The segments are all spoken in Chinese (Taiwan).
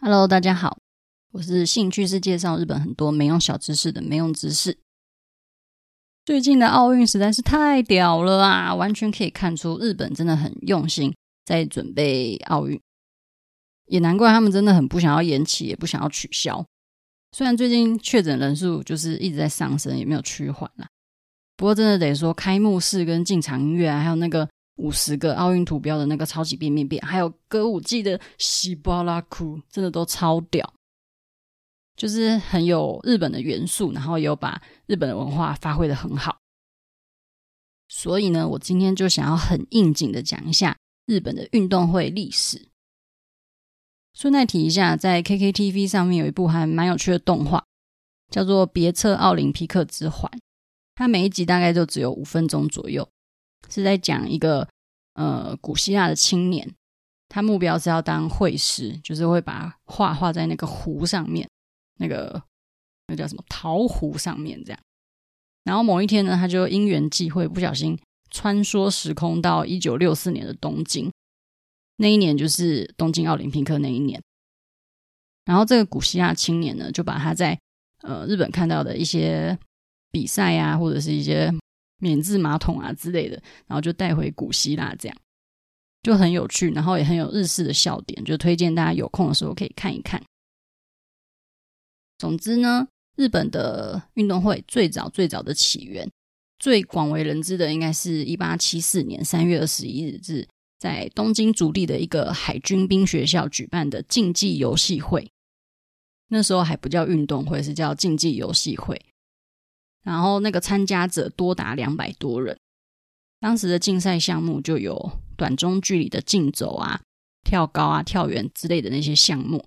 Hello，大家好，我是興趣是介紹日本很多沒用小知識的沒用知識。最近的奧運實在是太屌了啊！完全可以看出日本真的很用心在準備奧運，也難怪他們真的很不想要延期，也不想要取消。雖然最近確診人數就是一直在上升，也沒有趨緩啦，不過真的得說開幕式跟進場音樂啊，還有那個。五十個奧運圖標的那個超級變變變，還有歌舞伎的喜巴拉哭，真的都超屌，就是很有日本的元素，然後也有把日本的文化發揮的很好。所以呢，我今天就想要很應景的講一下日本的運動會歷史。順帶提一下，在 KKTV 上面有一部還蠻有趣的動畫，叫做《別冊奧林匹克之環》，它每一集大概就只有五分鐘左右。是在講一個呃古希臘的青年，他目標是要當繪師，就是會把畫畫在那個壺上面，那個那叫什麼陶壺上面這樣。然後某一天呢，他就因緣際會，不小心穿梭時空到一九六四年的東京，那一年就是東京奧林匹克那一年。然後這個古希臘青年呢，就把他在呃日本看到的一些比賽啊，或者是一些。免治馬桶啊之類的，然後就帶回古希臘，這樣就很有趣，然後也很有日式的笑點，就推薦大家有空的時候可以看一看。總之呢，日本的運動會最早最早的起源，最廣為人知的應該是一八七四年三月二十一日至在東京築地的一個海軍兵學校舉辦的競技遊戲會，那時候還不叫運動會，是叫競技遊戲會。然後那個參加者多達兩百多人，當時的競賽項目就有短、中距離的競走啊、跳高啊、跳遠之類的那些項目，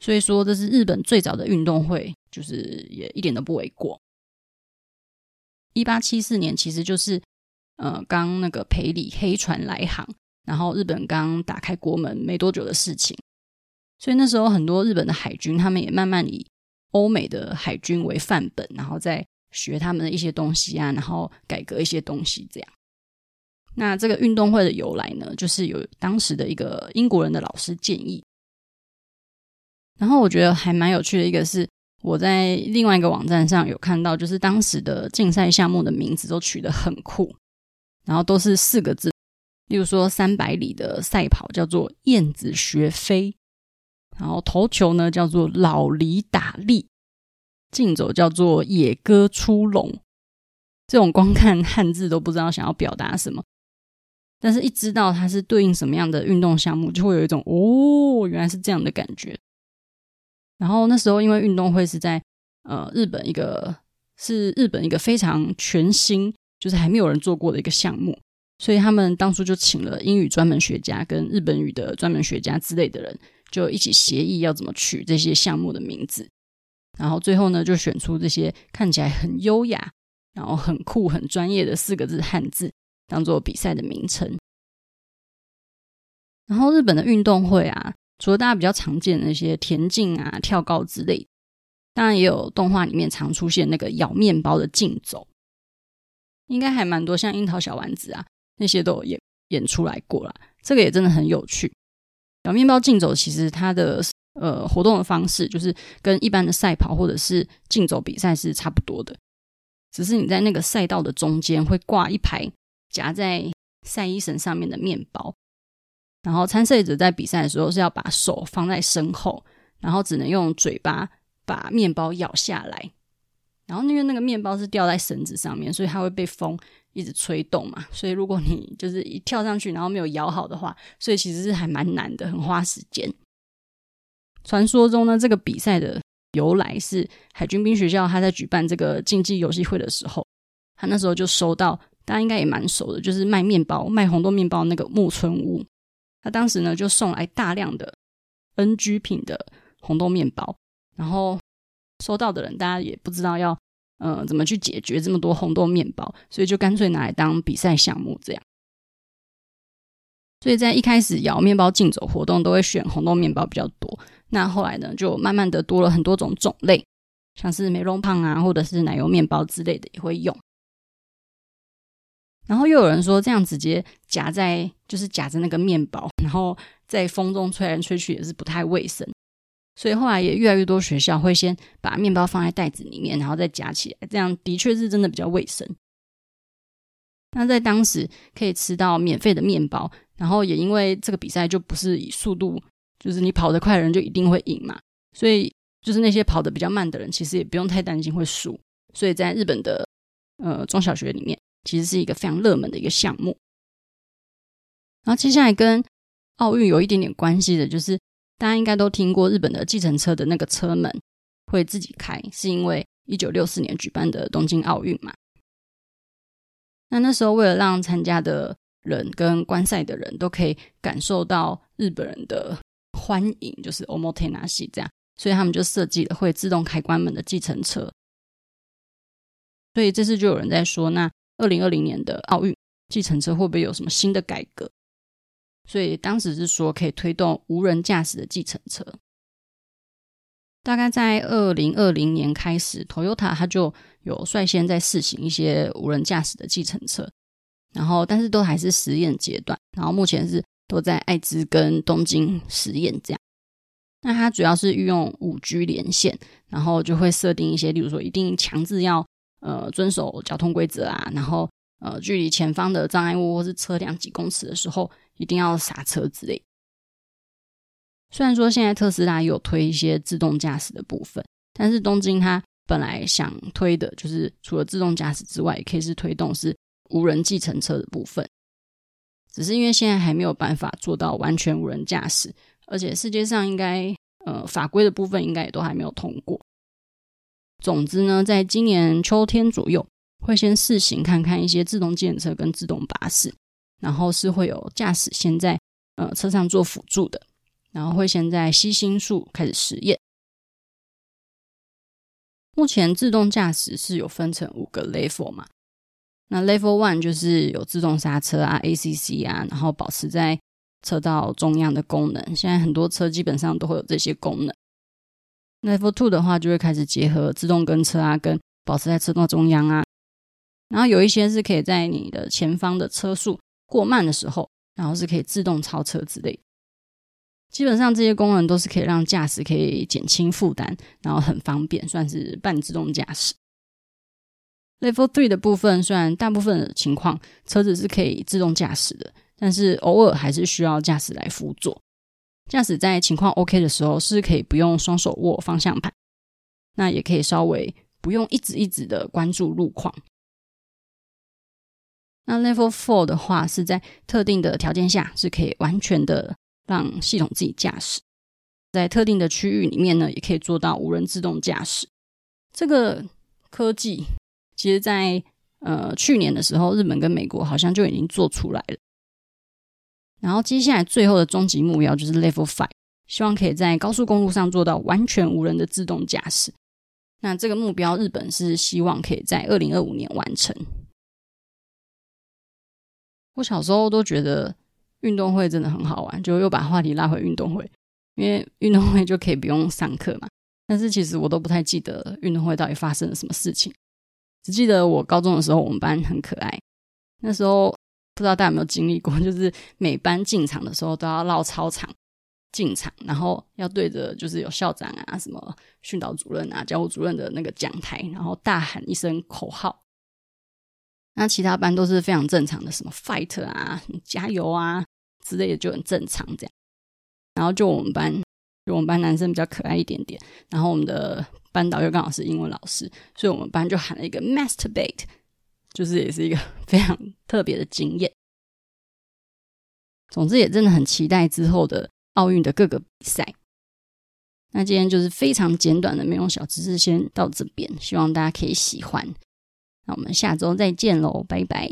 所以說這是日本最早的運動會，就是也一點都不為過。一八七四年其實就是呃剛那個培里黑船來航，然後日本剛打開國門沒多久的事情，所以那時候很多日本的海軍他們也慢慢以歐美的海軍為範本，然後在學他們的一些東西啊，然後改革一些東西，這樣。那這個運動會的由來呢，就是有當時的一個英國人的老師建議。然後我覺得還蠻有趣的一個是，我在另外一個網站上有看到，就是當時的競賽項目的名字都取得很酷，然後都是四個字，例如說三百里的賽跑叫做“燕子學飛”，然後頭球呢叫做老李“老黎打礫”。競走叫做“野鴿出籠”，這種光看漢字都不知道想要表達什麼，但是一知道它是對應什麼樣的運動項目，就會有一種“哦，原來是這樣的”感覺。然後那時候，因為運動會是在呃日本一個，是日本一個非常全新，就是還沒有人做過的一個項目，所以他們當初就請了英語專門學家跟日本語的專門學家之類的人，就一起協議要怎麼取這些項目的名字。然後最後呢，就選出這些看起來很優雅、然後很酷、很專業的四個字漢字，當做比賽的名稱。然後日本的運動會啊，除了大家比較常見的那些田徑啊、跳高之類，當然也有動畫裡面常出現那個咬面包的競走，應該還蠻多，像櫻桃小丸子啊那些都有演演出來過啦。這個也真的很有趣。咬面包競走其實它的。呃，活動的方式就是跟一般的賽跑或者是競走比賽是差不多的，只是你在那個賽道的中間會掛一排夾在曬衣繩上面的麵包，然後參賽者在比賽的時候是要把手放在身後，然後只能用嘴巴把麵包咬下來，然後因為那個麵包是吊在繩子上面，所以它會被風一直吹動嘛，所以如果你就是一跳上去，然後沒有咬好的話，所以其實是還蠻難的，很花時間。傳說中呢，這個比賽的由來是海軍兵學校他在舉辦這個競技遊戲會的時候，他那時候就收到，大家應該也蠻熟的，就是賣麵包、賣紅豆麵包那個木村屋。他當時呢就送來大量的 NG 品的紅豆麵包，然後收到的人大家也不知道要嗯、呃、怎麼去解決這麼多紅豆麵包，所以就乾脆拿來當比賽項目這樣。所以在一開始咬麵包競走活動都會選紅豆麵包比較多。那後來呢，就慢慢的多了很多種種類，像是梅隆胖啊，或者是奶油麵包之類的也會用。然後又有人說，這樣直接夾在就是夾着那個麵包，然後在風中吹來吹去也是不太衛生。所以後來也越來越多學校會先把麵包放在袋子裡面，然後再夾起來，這樣的確是真的比較衛生。那在當時可以吃到免費的麵包，然後也因為這個比賽就不是以速度。就是你跑得快的人就一定會贏嘛，所以就是那些跑得比較慢的人其實也不用太擔心會輸。所以在日本的呃中小學裡面，其實是一個非常熱門的一個項目。然後接下來跟奧運有一點點關係的，就是大家應該都聽過日本的計程車的那個車門會自己開，是因為一九六四年舉辦的東京奧運嘛。那那時候為了讓參加的人跟觀賽的人都可以感受到日本人的。歡迎，就是 Omotenashi 這樣，所以他們就設計了會自動開關門的計程車。所以這次就有人在說，那二零二零年的奧運計程車會不會有什麼新的改革？所以當時是說可以推動無人駕駛的計程車，大概在二零二零年開始，Toyota 它就有率先在試行一些無人駕駛的計程車，然後但是都還是實驗階段，然後目前是。都在愛知跟東京實驗這樣，那它主要是運用五 G 連線，然後就會設定一些，例如說一定強制要呃遵守交通規則啊，然後呃距離前方的障礙物或是車輛幾公尺的時候，一定要剎車之類。雖然說現在特斯拉有推一些自動駕駛的部分，但是東京它本來想推的就是除了自動駕駛之外，也可以是推動是無人計程車的部分。只是因為現在還沒有辦法做到完全無人駕駛，而且世界上應該呃法規的部分應該也都還沒有通過。總之呢，在今年秋天左右會先試行看看一些自動計程車跟自動巴士，然後是會有駕駛先在呃車上做輔助的，然後會先在西新宿開始實驗。目前自動駕駛是有分成五個 level 嘛。那 Level One 就是有自動剎車啊、ACC 啊，然後保持在車道中央的功能。現在很多車基本上都會有這些功能。Level Two 的話，就會開始結合自動跟車啊、跟保持在車道中央啊，然後有一些是可以在你的前方的車速過慢的時候，然後是可以自動超車之類的。基本上這些功能都是可以讓駕駛可以減輕負擔，然後很方便，算是半自動駕駛。Level three 的部分，雖然大部分的情況車子是可以自動駕駛的，但是偶爾還是需要駕駛來輔助。駕駛在情況 OK 的時候，是可以不用雙手握方向盤，那也可以稍微不用一直一直的關注路況。那 Level four 的話，是在特定的條件下是可以完全的讓系統自己駕駛，在特定的區域裡面呢，也可以做到無人自動駕駛。這個科技。其實在，呃去年的時候，日本跟美國好像就已經做出來了。然後接下來最後的終極目標就是 Level Five，希望可以在高速公路上做到完全無人的自動駕駛。那這個目標，日本是希望可以在二零二五年完成。我小時候都覺得運動會真的很好玩，就又把話題拉回運動會，因為運動會就可以不用上課嘛。但是其實我都不太記得運動會到底發生了什麼事情。只記得我高中的時候，我們班很可愛。那時候不知道大家有沒有經歷過，就是每班進場的時候都要繞操場進場，然後要對着就是有校長啊、什麼訓導主任啊、教務主任的那個講台，然後大喊一聲口號。那其他班都是非常正常的，什麼 fight 啊、加油啊之類的，就很正常這樣。然後就我們班，就我們班男生比較可愛一點點，然後我們的班導又剛好是英文老師，所以我們班就喊了一個 masturbate，就是也是一個非常特別的經驗。總之也真的很期待之後的奧運的各個比賽。那今天就是非常簡短的美容小知識，先到這邊，希望大家可以喜歡。那我們下週再見嘍，拜拜。